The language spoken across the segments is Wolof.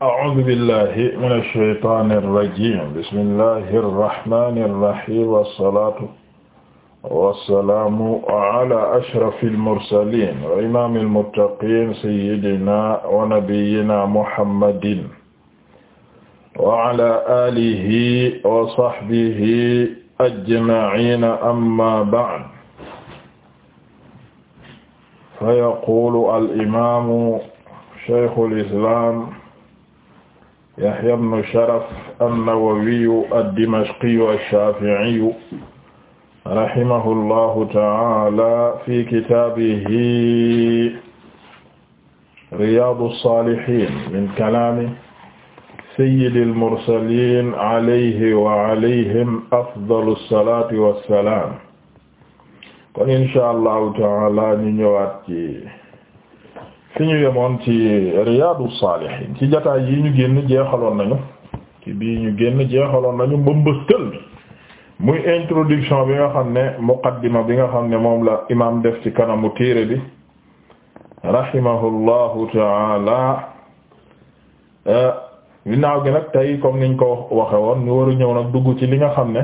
a'uuzu billahi mina shaytaani rajiim bismillahi rahmaani rahiim wassalaatu wassalaamu alaa ashrafil mursaliin wa imaamil muttaqiin sayyidinaa wa nabiyyinaa muhammadin wa alaa aalihi wa sahbihi ajma'iin ammaa ba'd fa yaquulu al imaamu shaykhul islaam Yahya ibn Sharaf an-Nawawiyu ad-Dimashqiyu ash-Shafi'iyu rahimahullahu ta'ala fi kitaabihi Riyaadu s-Saalihiin min kalaami sayyidil mursaliin alayhi wa alayhim afdalu s-salaati wa s-salaam kon inshaa Allahu ta'ala ñu ñëwaat ci fi ñu yemoon ci Riyadou Salihine ci jataay yi ñu génn jeexaloon nañu ci bii ñu génn jeexaloon nañu mbëmbëstal bi muy introduction bi nga xam ne muqaddima bi nga xam ne moom la imaam def ci kanamu téere bi rahimahullahu taala ginnaaw gi nag tey comme niñ ko waxewoon woon ñu ñëw nag dugg ci li nga xam ne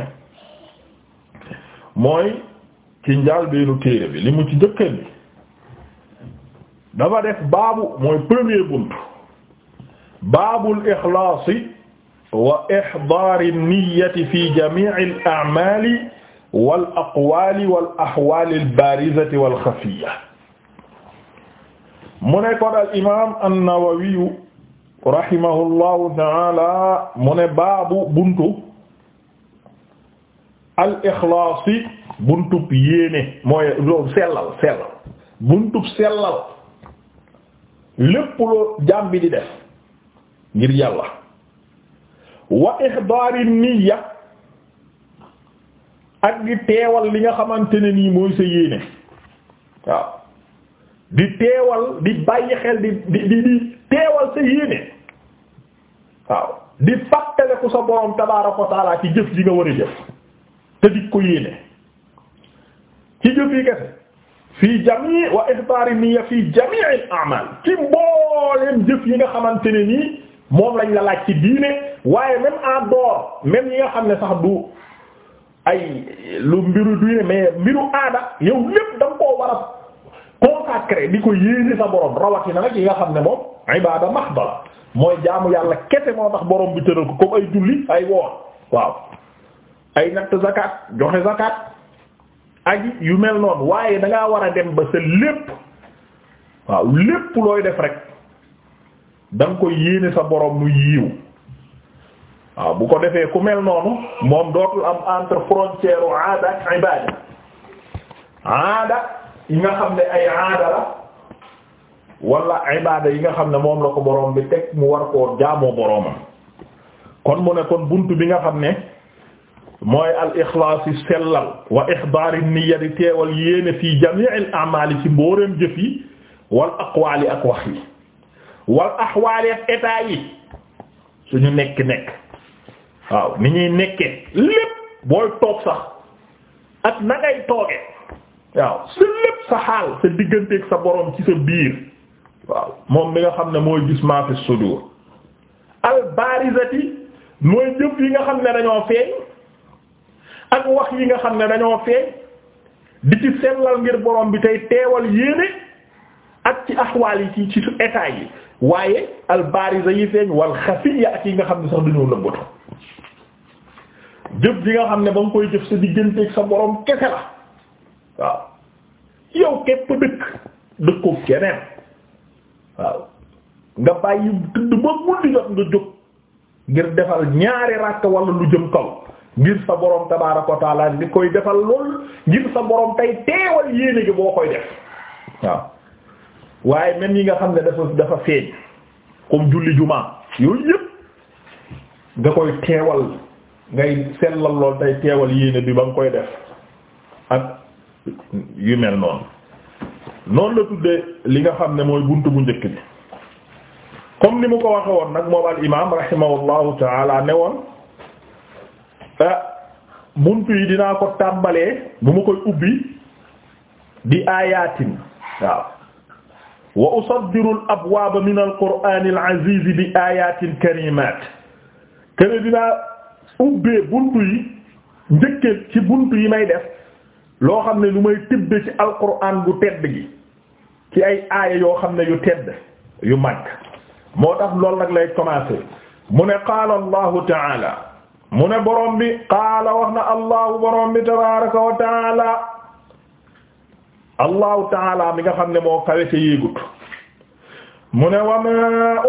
mooy ci njaal beenu téere bi li mu ci jëkkan bi dafa def baabu mooy premier bunt baabul ixlaasi wa ixdaari niyyati fi jamiicil a'maali wal aqwaali wal ahwaalil baarizati wal xafiya mu ne kon al imaam an-Nawawi rahimahullahu ta'aala mu ne baabu buntu al ixlaasi buntub yéene mooy loolu sellal sellal buntub sellal. lépp loo jaam bi di def ngir yàlla wa ihdaari niyya ak gi teewal li nga xamante ne nii mooy sa yéene waaw di teewal di bàyyi xel di di di teewal sa yéene waaw di fàttaliku sa borom tabaaraka wa ci jëf li nga war a jëf te di ko yéene ci jëf yi kese fii jamii wa ihbaari niyya fii jamii al a'maal ci mbooleem jëf yi nga xamante ne nii moom lañ la laaj ci diine waaye même en dehors même yi nga xam ne sax du ay lu mbiru diine mais mbiru aada yow lépp da nga koo war a consacré di ko yéene sa borom rawatina nag yi nga xam ne moom ibaada mahda la mooy jaamu yàlla kese moo tax boroom bi tëral ko comme ay julli ay woor waaw ay natt zakat joxe zakat. aji yu mel noonu waaye da war a dem ba sa lépp waaw lépp looy def rek da nga koy yéene sa borom mu yiiw waaw bu ko defee ku mel noonu moom dootul am entre frontière u aada ak ibada yi nga xam ne ay aada la wala ibada yi nga xam ne moom la ko borom bi teg mu war koo jaamoo boromam kon mu ne kon buntu bi nga xam ne mooy al ixlaas yi sellal wa ixdaari niya di teewal yéene fii jamii al amaali ci mbooreem jëf yi wal aqwaali ak wax yi wal axwaali ak état yi suñu nekk nekk waaw ni ñuy nekkee lépp booy toog sax ak na ngay waaw su lépp sa xaal sa digganteeg sa borom ci sa biir waaw moom mi nga xam ne mooy gis maa fi sudur al baarizati mooy jëf yi nga xam ne dañoo feeñ ak wax yi nga xam ne dañoo feeñ di ci sellal ngir borom bi tey teewal yéene ak ci axwaal yi ci su état yi waaye al yi feeñ wal xafiya ak yi nga xam ne sax dañoo nëbbatu jëf bi nga xam ne ba nga koy jëf sa digganteeg sa borom kese la waaw yow képp dëkk dëkkoob keneen waaw nga bàyyi tëdd ba guddi jot nga jóg ngir defal ñaari ràkk wala lu jëm kaw ngir sa borom tabaaraka wa taala koy defal lool ngir sa borom tey teewal yéene gi boo koy def waaw waaye même yi nga xam ne dafa dafa feeñ comme julli jumaa yooyu yëpp nga koy teewal ngay sellal lool tey teewal yéene bi ba nga koy def ak yu mel noonu noonu la tuddee li nga xam ne mooy bunt bu njëkk bi comme ni mu ko waxe woon nag moom al imaam rahimahullahu taala ne woon muntu ah, yi dinaa ko tàmbalee bu ma koy ubbi bi ayatin waaw wa usaddiru al abwaaba min al qur'aan al aziz bi ayatin karimaat kene dinaa ubbee buntu yi njëkkee ci buntu yi may def loo xam ne lu may tibbe ci al qur'aan bu tedd gi ci ay aaya yoo xam ne yu tedd yu mag moo tax loolu nag lay commencer mu ne qaala allahu ta'ala mu ne borom bi qaala wax na allahu borom bi tabaraka wa taala allahu taala mi nga xam ne moo kawe ca yéegut mu ne wa ma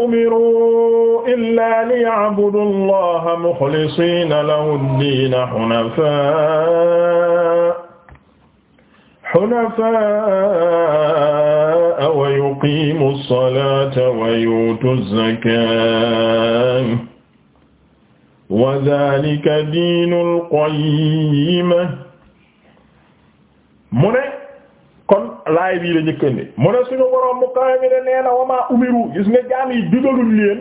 umiru illa liya'budu allaha muxlisiina lahu ddiina xunafaa xunafaa wa yuqiimu ssalata wa yuutu zakaata wa zaalika diinul qayyima mu ne kon laay bii la njëkkandi mu ne suñu boroom mu kawe mi ne nee na umiru gis nga jaam digalul leen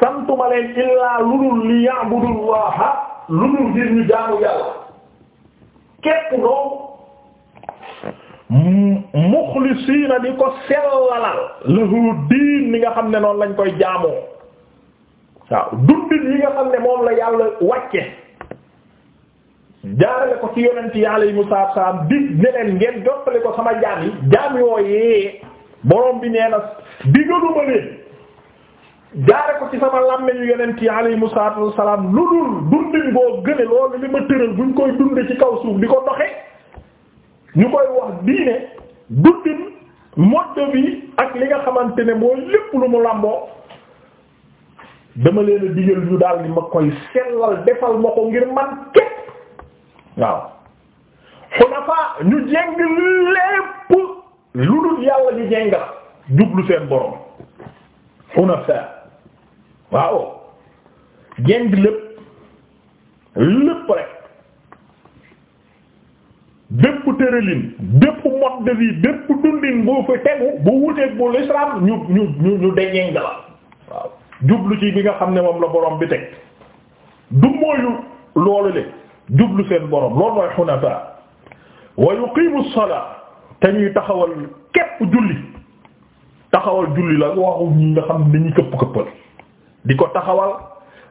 santuma leen illaa ludul li ya'budullaha ludul ngir ñu jaamu yàlla képp doo muxlisiina di ko sellalal lahu diin li nga xam ne noonu lañ koy jaamoo waaw dundin yi nga xam ne moom la yàlla wàcce jaarale ko ci yonent yi alayhimu salaam di ne ngeen jottali ko sama jaam yi jaam yooyee borom bi nee na digaluma leen jaare ko ci sama làmmeñu yonent yi alayhimu salaam lu dul dundin boo gëne loolu li ma tëral buñ koy dund ci kaw suuf di ko doxe ñu koy wax diine dundin mode bi ak li nga xamante ne mooy lépp lu mu làmboo dama leen a ñu daal di ma koy sellal defal ma ko ngir man képp waaw xunafa ñu jeng lépp lu dul yàlla ñu jengal jublu seen borom xunafa waaw jeng lépp lépp rek bépp tëralin bépp mode de vie bépp dundin boo tegu bu wuteeg bu l'islam ñu ñu ñu de jeng la jublu ci bi nga xam ne moom la borom bi teg du mooyu loolu le jublu seen borom loolu mooy xunafa wa yuqimu salaa te ñuy taxawal képp julli taxawal julli la waxu ñi nga xam ne dañuy këpp këppal di ko taxawal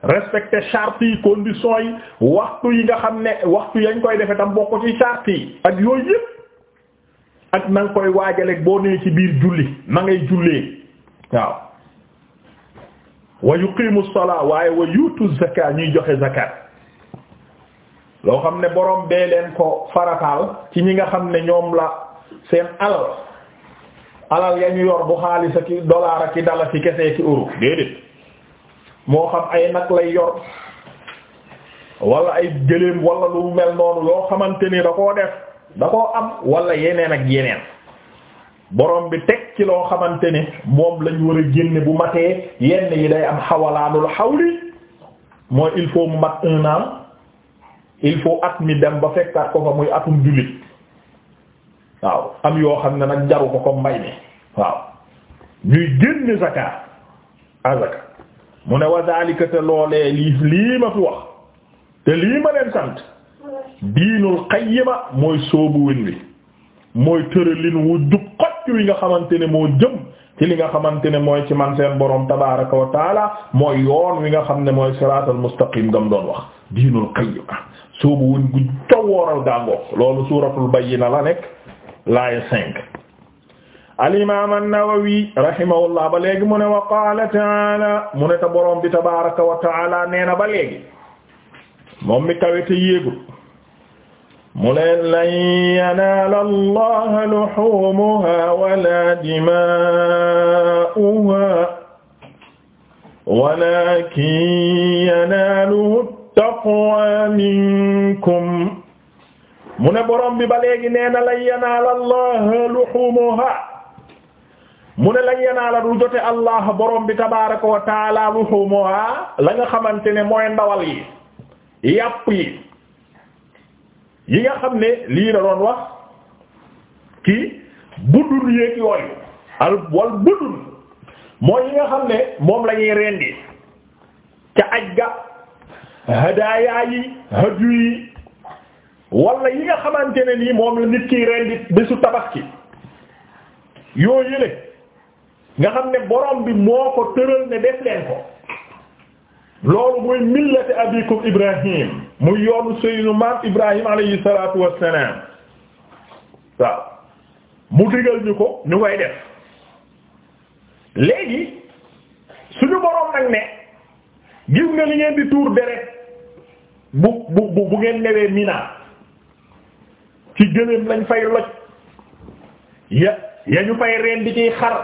respecter charte yi conditions yi waxtu yi nga xam ne waxtu yañ koy defe tam bokk ci charte yi ak yooyu yëpp ak na nga koy waajaleeg boo nee ci biir julli nangay ngay jullee waaw wa yuqimu salaa waaye wa yuutu zakaa ñuy joxe zakat loo xam ne boroom bee leen ko farataal ci ñi nga xam ne ñoom la seen alal alal ya ñu yor bu xaalis ak dollar ak dala ci kese ak euro déedéet moo xam ay nag lay yor walla ay gëléem wala lu mel noonu loo xamante ni da koo def da koo am wala yeneen ak yeneen. borom bi teg ci loo xamante ni moom lañ war a génne bu matee yenn yi day am xawalaanul xawli mooy il faut mu mat un an il faut at mi dem ba fekkaat ko fa muy atum jullit waaw am yoo xam ne nag jaru ko comme mbay mi waaw ñuy génne zakat azaka mu ne wa loolee lii lii ma fi wax te lii ma leen sant diinul qayyima mooy soobu win wi mooy tëralin wu jub xoj xëcc wi nga xamante ne moo jëm ci li nga xamante ne mooy ci man seen borom tabaraka wa taala mooy yoon wi nga xam ne mooy siraatal mustaqim gam doon wax diinul qayyim soobu wuñ al imaam an-Nawawi ba léegi mu ne wa qaala taala mu ne ta borom bi tabaraka wa taala na ba léegi moom mi kawe te yéegul mu leen lan yanaala allaha luxumuha wala dimaa'uha walaakin yanaaluhu taqwa minkum mu ne borom bi ba léegi nee na lan yanaala allaha luxumuha mu ne lan yanaala du jote allah borom bi tabaaraka wa taala luxumuha la nga xamante ne mooy ndawal yi yàpp yi yi nga xam ne lii la doon wax kii budul yéeg yooyu al wal budul mooy yi nga xam ne moom la ñuy rendi ca aj ga hadaaya yi haju yi yi nga xamante ne yi moom la nit kiy rendi bésu tabaski yoo yële nga xam ne borom bi moo ko tëral ne def leen ko loolu mooy millati abikum ibrahim mu yoonu seynu maam Ibrahim alayhi salaatu wassalaam waaw mu digal ñu ko ñu koy def léegi suñu boroom nag ne gis nga li ngeen di tuur deret bu bu bu ngeen newee Mina ci gëléem lañ fay loj ya ya ñu fay reen di ciy xar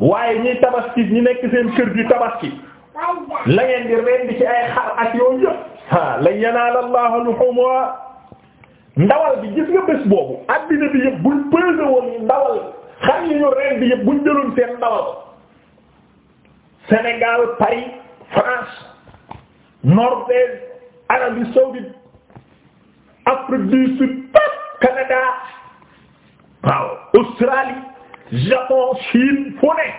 waaye ñi tabaski ñi nekk seen kër di tabaski la ngeen di reen di ci ay xar ak yooyu yëpp lan yanaala Allaha luhumuha ndawal bi gis nga bés boobu addina bi yëpp buñ pesé woon ndawal xar yi reen bi yëpp buñ jëloon seen ndawal Sénégal Paris France Norvège Arabie saoudite Afrique du Sud pap Canada waaw Australie Japon Chine fu ne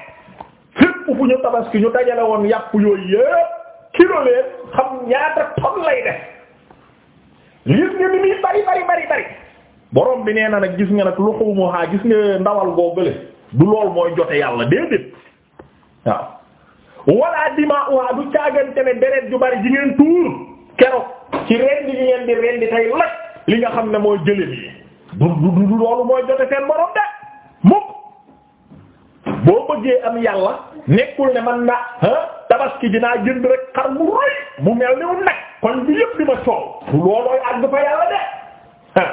fépp fu ñu tabaski ñu dajale woon yàpp yooyu yëpp kilo leen xam ñaata ton lay def gis nga ni muy bari bari bari bari bi nee na nag gis nga nag lu xawma gis nga ndawal googale du lool mooy jote yàlla déedéet waaw walla dima uha du caagante ne deret ju bari ji ngeen tuur keroog ci rendi ji ngeen di rendi tey laj li nga xam ne mooy jëlem yi du du du loolu mooy jote seen borom de mukk boo bëggee am yàlla nekkul ne man na ha tabaski dinaa jënd rek xar mu rëy mu mel ni mu nag kon bi yëpp ma soow loolooy àgg fa yàlla de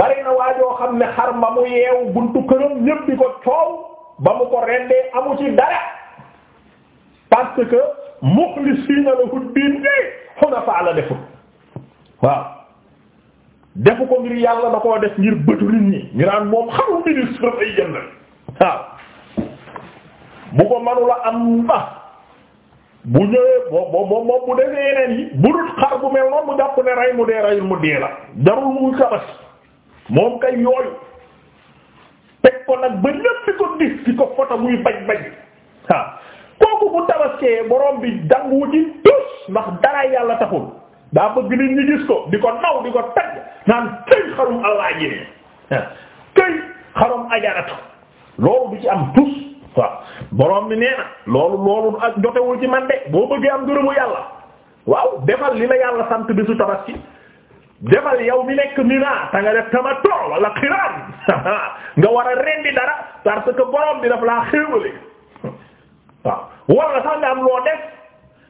bari na waajoo xam ne xar ma mu yeew buntu këram ñépp di ko coow ba mu ko rendee amu ci dara parce que muxlisiina lahu diin hunafa la defu waaw defu ko ngir yàlla da koo def ngir bëtu nit ñi ñu naan moom xamu ministre ay jënd waaw bu ko manula am ba bu ñëwee bo bo moom bu defee yeneen yi bu dul xar bu mel noonu mu jàpp ne rey mu dee reyul mu dee la jarul muy kabas moom kay yooyu teg ko nag yàlla taxul daa bëgg nit ñi gis ko di ko naw di ko tagg naan tey xarum allah ji ne tey xarum ajaratu loolu du ci am tus waaw borom bi nee na loolu loolu ak jotewul ci man de boo bëggee am gërëmu yàlla waaw defal li la yàlla sant bisu tabaski defal yow mi nekk Mina ta nga def tamattu wala xiraan nga war a rendi dara parce que borom bi daf laa xéewale waaw war nga sax nga am loo def.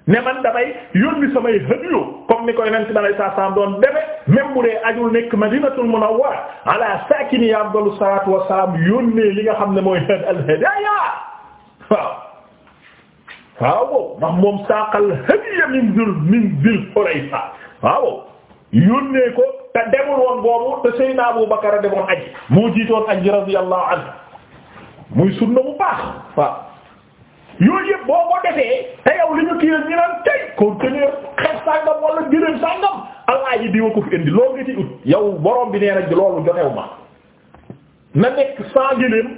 ne man damay yónni samay hadiyo comme ni koy nent bi alay saa salaam doon defe même bu dee ajul nekk madinatul munawwara ala sakini ya abdalu salatu wasalaam yónnee li nga xam ne mooy al hadaaya waaw waaw boobu ndax moom saaqal hadiya min dul min dul xulayfa waaw yónnee ko te demul woon boobu te Seydina Abu Bakar a demoon aji moo jiitoon aji radiyallahu anhu muy sunna bu baax waaw yooyu yëpp boo ko defee te yow li ñu kii la ñu naan tey conteneur xeet sàngam wala gërëm sàngam allah yi diwa ko fi indi loolu nga ci ut yow borom bi nee na loolu joxew ma na nekk sans gëléem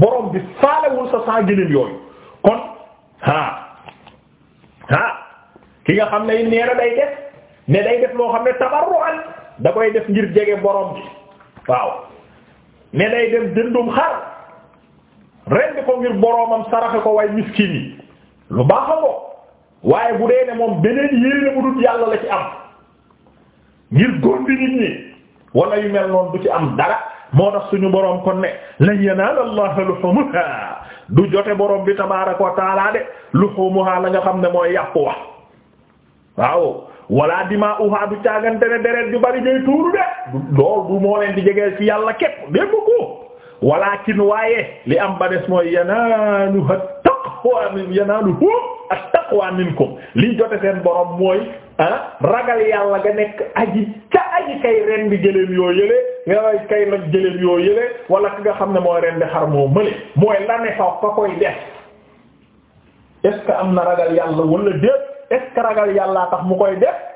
borom bi faalewul sa sans gëléem yooyu kon ah ah ki nga xam ne nee na day def ne day def loo xam ne tabarru'an da koy def ngir jege boroom bi waaw ne day dem jëndum xar. rend ko ngir boroomam saraxe ko way miskin yi lu baax a ko waaye bu dee ne moom beneen yéene mu dul yàlla la ci am ngir gondi nit ñi wala yu mel noonu du ci am dara moo tax suñu boroom kon ne lan yanaala allaha luhumuha du jote boroom bi tabaaraka wa taala de luhumuha la nga xam ne mooy yàpp wax waaw wala dimaa'uha du caagante ne deret yu bari jay tuuru de lool du moo leen di jegeel ci yàlla képp dégg ko walakin waaye li am ba des mooy yanaalu taqwa min yanaalu ak taqwa minkum li jote seen borom mooy ah, ragal yàlla nga nekk aji ca aji kay rendi gëléem yoo yële nga kay loj gëléem yoo yële wala ki nga xam ne mooy rendi xar moo mële mooy la ne fa koy def est am na ragal yàlla wala déet est ragal yàllaa tax mu koy def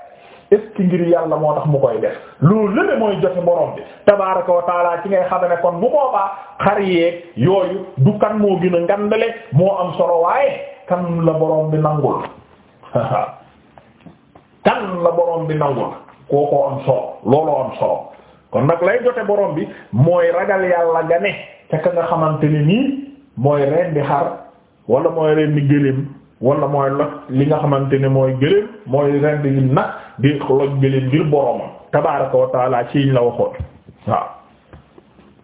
est-ce que ngir yàlla moo tax mu koy def loolu lépp mooy jote borom bi tabaaraka wa ci ngay xam kon bu boobaa xar yeeg yooyu du kan moo gën a ngandale moo am solo waaye kan la borom bi nangul kan la borom bi nangul kookoo am solo looloo am solo kon nag lay jote borom bi mooy ragal yàlla ga ne ca ka nga xamante nii mooy rendi xar wala mooy rendi gëléem wala mooy lot li nga xamante ne mooy gëléem mooy rendi nag di xoloj gëléem ngir boromam tabaaraka wa taala ci la waxoon waaw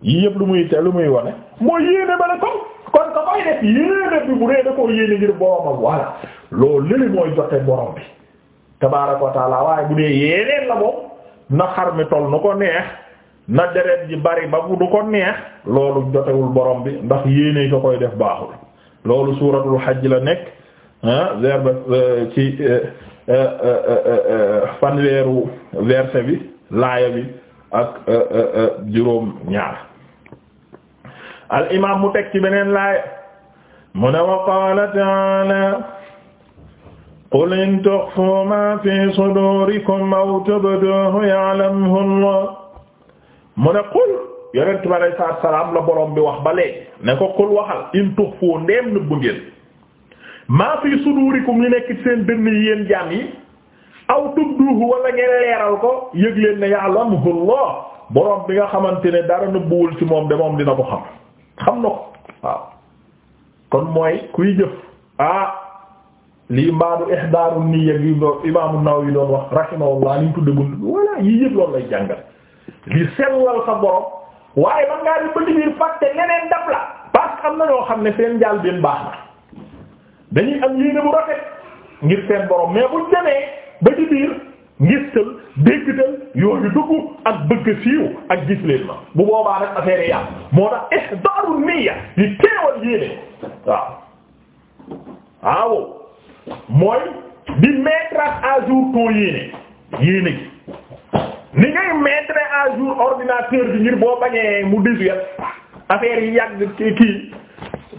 yii lu muy te lu muy wane mooy yéene ba la kon kon ka koy def yéene bi bu dee da koo yéene ngir boromam walla loolu léegi jote borom bi tabaaraka wa waaye bu dee yéeneen la moom na xar mi toll nu ko neex na deret ji bari ba bu du ko neex loolu jotewul borom bi ndax yéene ko koy def baaxul loolu suuratul xaj la nekk ah, verbe euh, ci euh, Euh, euh, euh, fanweeru verset bi laaya bi ak juróom ñaar al imaam mu teg ci beneen laaya mu ne wa qaala qul in tukhfu ma fi sudurikum aw tubduhu ya'lamhu Allah mu ne qul yonent bi alayhi salaam la borom bi wax ba léegi ne ko qul waxal in tukhfu ndeem nëbb ngeen maa fi sudurikum li nekk seen dënn yi yéen jaam yi aw tubduhu wala ngeen leeral ko yëg leen ne ya'lamuhu Allah borom bi nga xamante ne dara nëbbuwul ci moom de moom dina ko xam xam na ko waaw kon mooy kuy jëf ah lii mbaadu ihdaaru niyya gi doon Imaam An-Nawawi doon wax rahimahullah li ñu tudde bu voilà yii yëpp loolu lay jàngal li sellal sa borom waaye man ngaa di ba biir fàtte leneen dab la parce que am na ñoo xam ne seen njaal benn baax na. dañuy am yéene bu rafet ngir seen borom mais buñ demee ba ci biir ngistal déggtal yooyu dugg ak bëgg siiw ak gis leen ma bu boobaa rek affaire yi moo tax ihdaru niyya li teewal yéene waaw waaw mooy di mettre à jour too yéene yéene gi ni ngay mettre à jour ordinateur bi ngir boo bañee mu disu yat affaire yi yàgg kii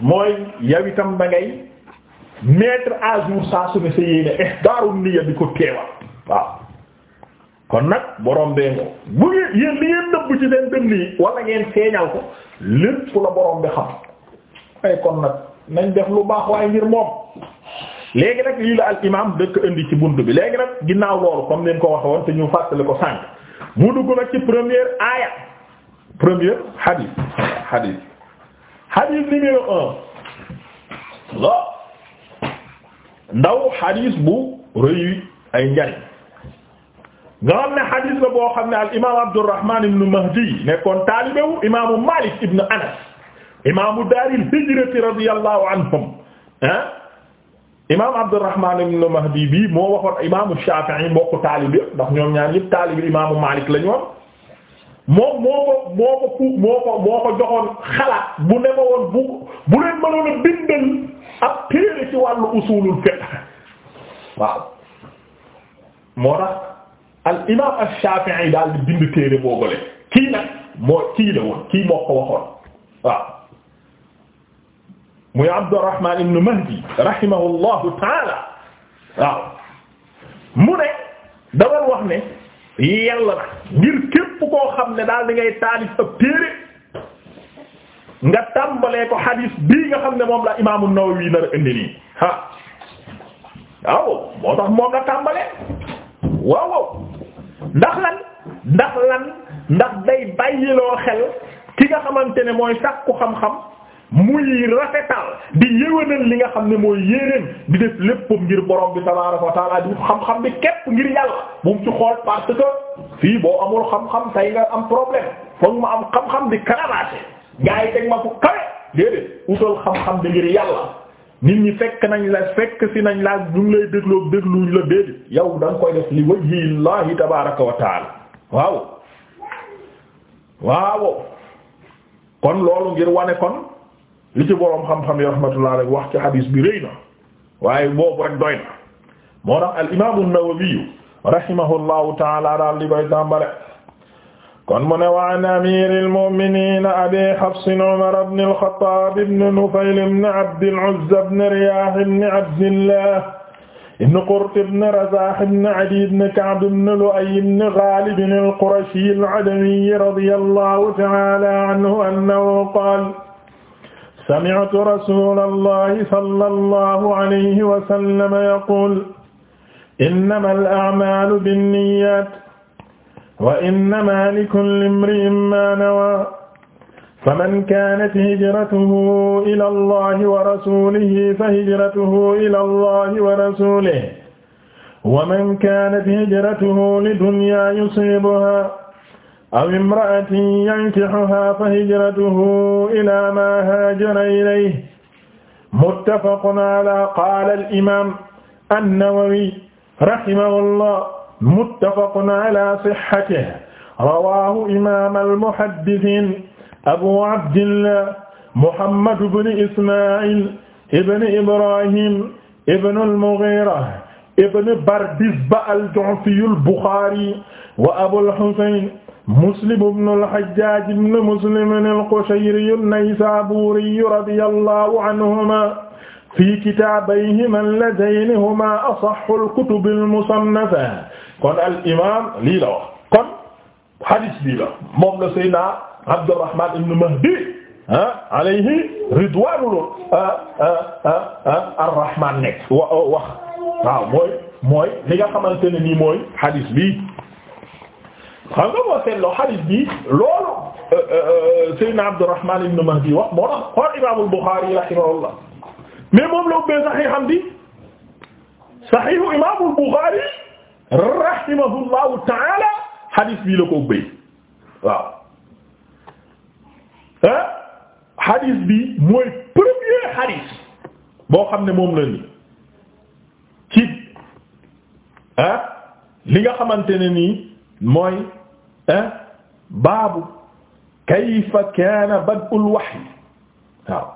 mooy yaw itam da mettre à jour saa su ne sa yéene ihdaaru niyya di ko teewal waaw kon nag borom bee ngo bu ngeen yéen li ngeen nëbb ci seen dënn yi wala ngeen feeñal ko lépp la borom bi xam ay kon nag nañ def lu baax waaye ngir moom léegi nag lii la al imam dëkk indi ci bunt bi léegi nag ginnaaw loolu comme leen ko waxe woon te ñu fàttali ko sànq mu dugg nag ci première aaya première hadith hadith hadith numéro un ndaw xadiis bu rëy ay njariñ nga xam ne xadiis la boo xam ne al imaam Abdurrahman ibn Mahdi Malik ibn Anas imaamu daaril hijrati radiyallahu anhum ah imaam Abdurrahman ibn Mahdi bi moo waxoon imaamu Shafi'i mbokku taalibe ndax ñoom ñaar ñëpp taalibe imaamu Malik la ñu woon moom moo ko moo ko pu moo ko moo ko joxoon xalaat bu ne ma woon bu bu leen mënoon a bindal ab téere ci wàllu usulul fiqh waaw moo tax al imaam ash-Shafi'i daal di bind téere boobule kii nag moo kii la woon kii moo ko waxoon waaw muy Abdurrahman ibn Mahdi rahimahullahu ta'ala waaw mu ne da doon wax ne yell na ngir képp koo xam ne daal di ngay taalif ab téere nga tàmbalee ko hadis bii nga xam ne moom la imaamu Nawawi nar a indi nii ha waaw moo tax moom la tàmbalee waaw waaw ndax lan ndax lan ndax day bàyyiloo xel ki nga xamante ne mooy sàkku xam-xam muy rafetal di yéwénal li nga xam ne mooy yéenéen di def léppam ngir borom bi tabaaraka wa taala xam-xam bi képp ngir yàlla bu ci xool parce que fii boo amul xam-xam tey nga am problème foog ma am xam-xam di karabaate gaa yi teg ma fu kawe déedéet utal xam-xam bi ngir yàlla nit ñi fekk nañ la fekk si nañ laa ñu ngi lay dégloo dégluñ la déedéet yow da nga koy def li wajhillahi tabaaraka wa waaw waaw kon loolu ngir wane kon li ci boroom xam-xam yi rahmatullah alayhi wax ci hadis bi rëy na waaye boobu rek doy na moo tax al imaam an-Nawawi rahimahullahu ta'ala daal li koy tàmbale kon mu ne wa an amiril mu'minin abi Hafs Umar ibn al-Khattab ibn Nufayl ibn Abd al-Uzza ibn Riyah ibn Abdillah ibn Qurt ibn Razah ibn Adi ibn Ka'b ibn Lu'ay ibn Ghalib al-Qurashi al-Adawi radiyallahu ta'ala anhu annahu qala sami'tu rasuulallahi sallallahu alayhi wa sallam yaqul innamal a'maalu binniyaat wa innamaa likulli imri'in maa nawaa faman kaanat hijratuhu ila allahi wa rasuulihi fa hijratuhu ila allahi wa rasuulihi wa man kaanat hijratuhu lidunyaa yusiibuhaa aw imra'atin yankixuhaa fa hijratuhu ilaa maa haajara ilayhi muttafaqun alaa qaala al-imaam an-nawawi rahimahullah muttafaqun alaa sihhatihi rawaahu imaam al-muhaddisiin abu abdillah muhammad ibn isma'il ibn ibrahim ibn al-mughiira ibn bardizba al-ju'fi al-buxaari wa abul husayn Muslim ibn al-Hajjaj ibn Muslim al-Qushayri an-Naysaburi radiyallahu anhuma fi kitaabayhima alladhayni huma asahhu al-kutub al-musannafa kon al-imam lii la wax kon hadith bii la moom la Seydina Abdurrahman ibn Mahdi ah alayhi ridwaanul ar-Rahmaan nekk wa wax waaw mooy mooy li nga xamante ne nii mooy hadith bi xam nga boo seetloo hadith bi loolu euh, euh, euh, Seydina Abdurrahman Mahdi wax moo tax xool Imaamul Bukhari rahimahullah mais la ubbee saxiixam di saxiixu Imaamul Bukhari rahimahullahu ta'ala hadith bii la ko ubbee waaw ah hadith bi mooy premier hadith boo xam ne moom la ni ci ah nga xamante ne nii. mooy baabu kayfa kaana bad'ul wahyi waaw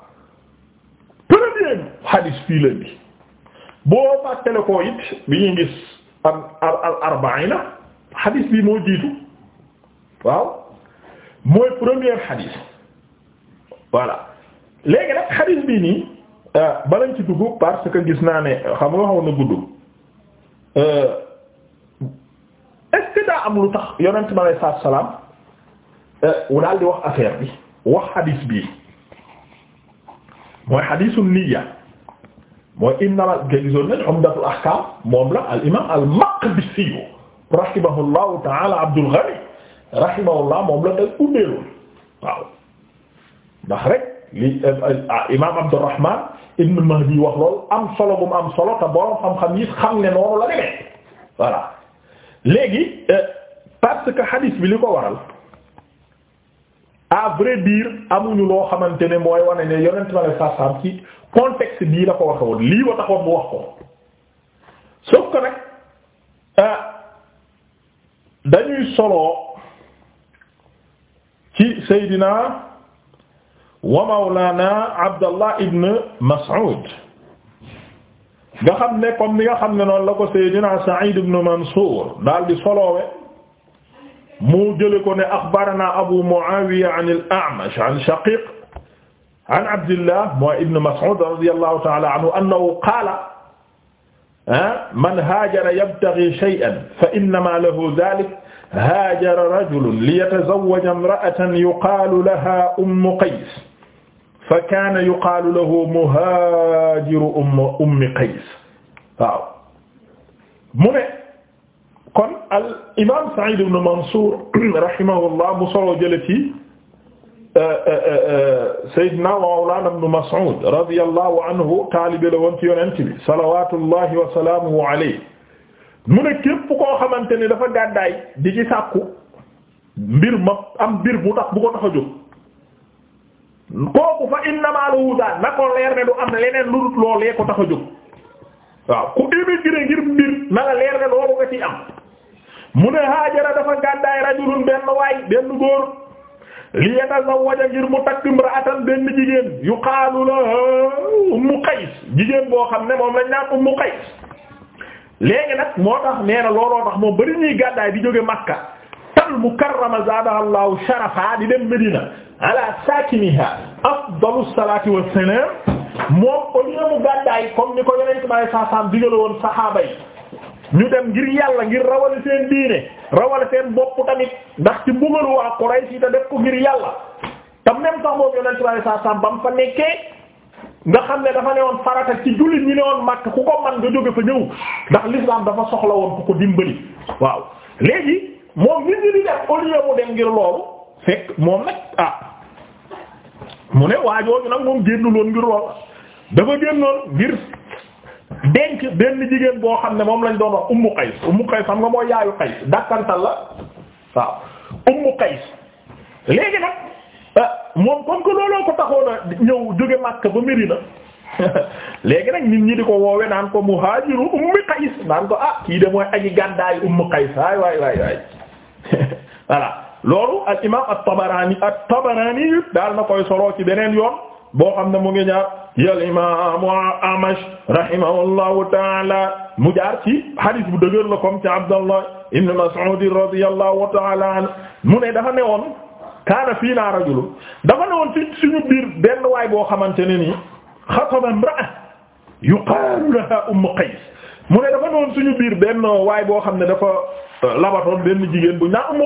premier hadis fii la bi boo fàttale ko bi ñuy gis al al arbaina hadis bi moo jiitu waaw mooy premier hadis voilà léegi nag hadis bi nii euh, balañ ci duggu parce que gis naa ne xam nga waxoon na gudd euh, est-ce que daa am lu tax yonent bi alayhi salaatu salaam euh, daal di wax affaire bi wax hadith bi mooy hadithu niyya mooy innama gisoon nañ Umdatul Ahkam moom la al imaam al Maqdisi rahimahullahu ta'ala Abdul Ghani rahimahullah moom la day ubbeeloon waaw ndax rek li euh, euh, imaam Abdurrahman ibn Mahdi wax loolu am solo bu mu am solo te borom xam-xam yi xam ne noonu la demee voilà. léegi euh, parce que bi li ko waral à biir amuñu loo xamante ne mooy wane ne yonent ma la sarsam ci contexte bii la ko waxe woon lii wa taxoon mu wax ko sauf que nag euh, dañuy soloo ci Seydina wa Mawlana Abdallah ibn Mas'ud nga xam ne comme ni nga xam ne noonu la ko Seydina Sa'id ibn Mansur daal di soloowe mu jële ko ne axbarana Abu Muawiya an al-A'mash an Shaqiq an Abdillah mooy Ibn Mas'ud radiyallahu ta'ala anhu annahu qaala man haajara yabtaghi shay'an fa innama lahu dhalik haajara rajulun liyatazawwaja imra'atan yuqaalu laha Ummu Qays fa kaana yuqaalu lahu muhaajiru ummi ummi qays waaw mu ne kon al imaam Sa'iid ibn Mansuur rahimahullah mu solo jële ci euh, euh, euh, Seydina wa mawlaana ibn Mas'uud radiyallahu anhu taalibe la woon ci yonent bi salawaatullahi wa salaamuhu alayhi mu ne képp koo xamante ne dafa gàddaay di ci sàkku mbir ma am mbir bu tax bu ko tax a jóg kooku fa innamaa lahu daan na ko leer ne du am leneen lu dul loolee ko tax a jóg waaw ku immigré ngir mbir na la leer ne loolu nga ci am mu ne haajara dafa gàddaay rajulun benn waay benn góor li yatazawwaja ngir mu takk imra'atan benn jigéen yuqaalu laha ummu qays jigéen boo xam ne moom lañ naan ummu qays léegi nag moo tax nee na looloo tax moom bari ñuy gàddaay di jóge Makka tal mukarrama zaadaha Allahu sharafa di dem Medina ala sakiniha afdalu salaati wassalaam moom au lieu mu gàddaay comme ni ko yonent bi saa saam digale woon saxaaba yi ñu dem ngir yàlla ngir rawale seen diine rawale seen bopp tamit ndax ci mbugalu waa Quraysh yi te def ko ngir yàlla te même sax moom yonent bi saa saam ba mu fa nekkee nga xam ne dafa ne woon farata ci jullit ñi ne woon màkk ku ko man nga jóge fa ñëw ndax l'islam dafa soxla woon ku ko dimbali waaw léegi moom nit ñi di dem ngir loolu. fekk moom nag ah mu ne waajooju na moom génnuloon ngir lool dafa génnoon ngir denc benn jigéen boo xam ne moom lañ doon wax ummu qays ummu qays xam nga mooy yaayu qays dakkantal la waaw ummu qays léegi nag ah, moom comme que looloo ko taxoo a ñëw jóge Makka ba Medina léegi nag nit ñi di ko woowe naan ko muhaajiru ummi qays naan ko ah kii de mooy aji gàddaayu ummu qays waay waay waay waay loolu al imam at-Tabarani at-Tabarani daal na koy soloo ci beneen yoon boo xam ne mu ngi ñaar yal imam Amash rahimahullahu taala mu jaar ci hadis bu dëgër la comme ci Abdallah ibn Mas'ud radiyallahu taala anhu mu ne dafa newoon kaana fii naa rajulu dafa newoon ci suñu biir benn waay boo xamante ne nii xataba imra'a yuqaalu laha Umm mu ne dafa newoon suñu biir ben waay boo xam ne dafa euh, labatoon benn jigéen bu ñaa Umm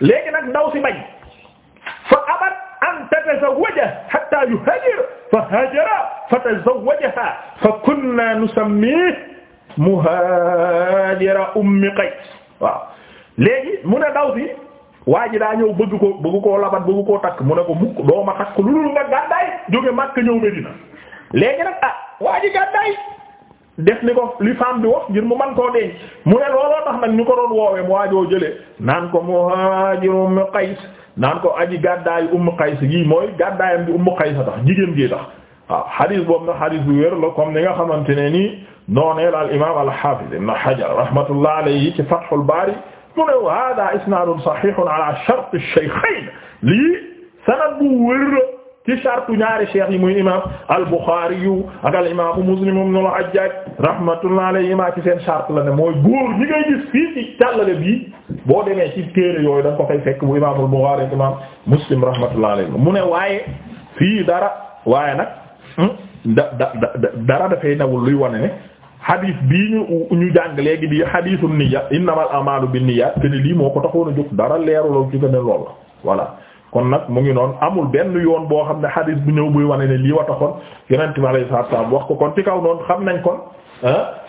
léegi nag ndaw si bañ fa abat an tatazawwaja hatta yuhajir fa hajara fa tazawwajaha fa kunna nusammihi muhajira ummi qays waaw léegi mu ne ndaw si waa ji daa ñëw bëgg ko bëgg koo labat bëgg koo takk mu ne ko mukk dooma takk lu dul nga gàddaay jóge Makka ñëw Medina léegi nag ah waa ji gàddaay def ni ko li femme bi wax ngir mu man koo denc mu ne looloo tax nag ñu ko doon woowee mu waajoo jëlee naan ko Muhaajir Ummu Qays naan ko aji gàddaayu Ummu Qays gi mooy gàddaayam bi Ummu Qays tax jigéen gi tax waaw xadis boobu nag xadis bu wér la comme ni nga xamante ne nii nooneel al imaam al haafiz ibn Hajar rahmatullah alayhi ci Fathul Baari mu ne haadaa isnaadun sahiihun ala shart ash-shaykhayn lii sanad bu wér ci sartu ñaari cheikh yi muy imam al-Bukhari yu ak al imam Muslim ibn al-Hajjaj rahmatullah alayhima ci seen sart la ne mooy góor ñi ngay gis fii ci càllale bii boo demee ci téere yooyu da nga ko fay fekk bu imam al-Bukhari Muslim rahmatullah alayhi mu ne waaye fii dara waaye nag hmm, da da da dara dafay nawul luy wane ne hadith bii ñu ñu jàng léegi di hadithun niyya innamal bi binniyat te ni lii moo ko taxoon a jóg dara leerulal ci gën a lool kon nag mu ngi noonu amul benn yoon boo xam ne xadis bu ñëw buy wane ne lii wa taxoon yonent bi alayhi salaatu salaam wax ko kon ci kaw noonu xam nañ kon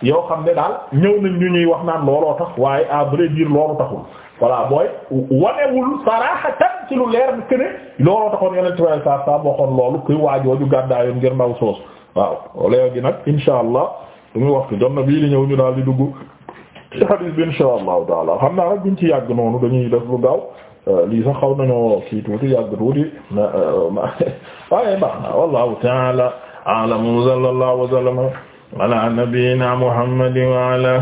yoo xam ne daal ñëw nañ ñu ñuy wax naan looloo tax waaye à vrai dire loolu taxul voilà mooy wanewul saraaxatan ci lu leer bi ne looloo taxoon yonent bi alayhi salaatu salaam waxoon loolu kuy waajooju gàddaayoon ngir ndaw soos waaw léegi nag insha allah wax waxtu jot na bii li ñëw ñu daal di dugg ci xadis bi insha allahu taala xam ci yàgg noonu dañuy def lu gaaw Euh, lii sax xaw nañoo kii tuuti yàgg tuuti euh, waaye baax na wallahu ta'ala a'lam wa sallallahu wa sallama ala nabiyyina muhammadin wa ala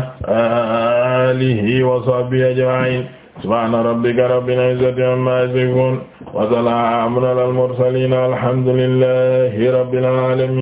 alihi wa sahbihi ajma'in subhana rabbika rabbil izzati amma yasifun wa salamun ala al mursalin alhamdulillahi rabbil alamin